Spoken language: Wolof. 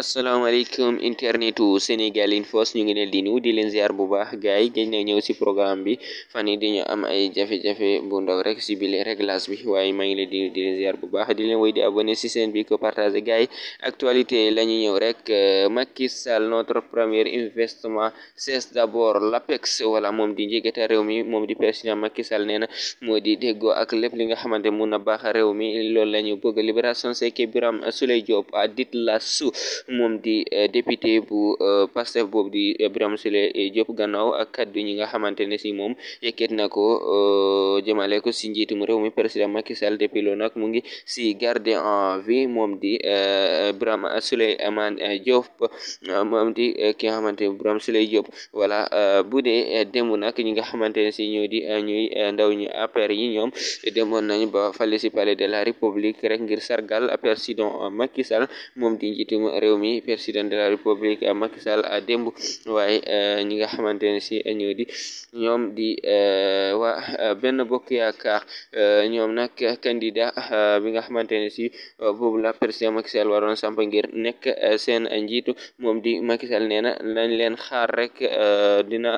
asalaamaaleykum internetu Sénégal Infos ñu ngi leen ni nuyu di leen ziar bu baax gars yi gëj na ñëw si programme bi fan di ñu am ay jafe-jafe bu ndaw rek si bile réglage bi waaye maa ngi leen di di leen ziar bu baax di leen woy di abonné si seen bi ko partagé gars actualité la ñu ñëw rek euh, Macky Sall notre premier investissement c'est d'abord l'APEX wala moom di njëkkata réew mi moom di président Macky Sall nee na moo di déggoo ak lépp li nga xamante mun na baax réew mi loolu la ñu bëgg libération c'est que Birame Souleye Diop a dit moom di eh, député bu eh, Pastef boobu di eh, Birame Souleye Diop gannaaw ak kaddu ñi nga xamante ne si moom yëkkat na ko jëmale ko si njiitum réew mi président Macky Sall depuis loolu nag mu ngi si garde en vie moom di Birame Souleye Diop moom di ki nga xamante ne Birame Souleye Diop bu dee démb nag ñi nga xamante ne si ñoo di ñuy ndaw ñi APR yi ñoom demoon nañ ba fale si palais de la république rek ngir sargal APR si don Macky moom di njiitum réew réew mi président de la république Macky Sall euh, démb waaye euh, ñi nga xamante ne si euh, di ñoom di waa benn bokk yaakaar ñoom nag candidat bi nga xamante ne si boobu la président Macky Sall waroon samp ngir nekk seen njiitu moom di Macky Sall lañ leen xaar rek dina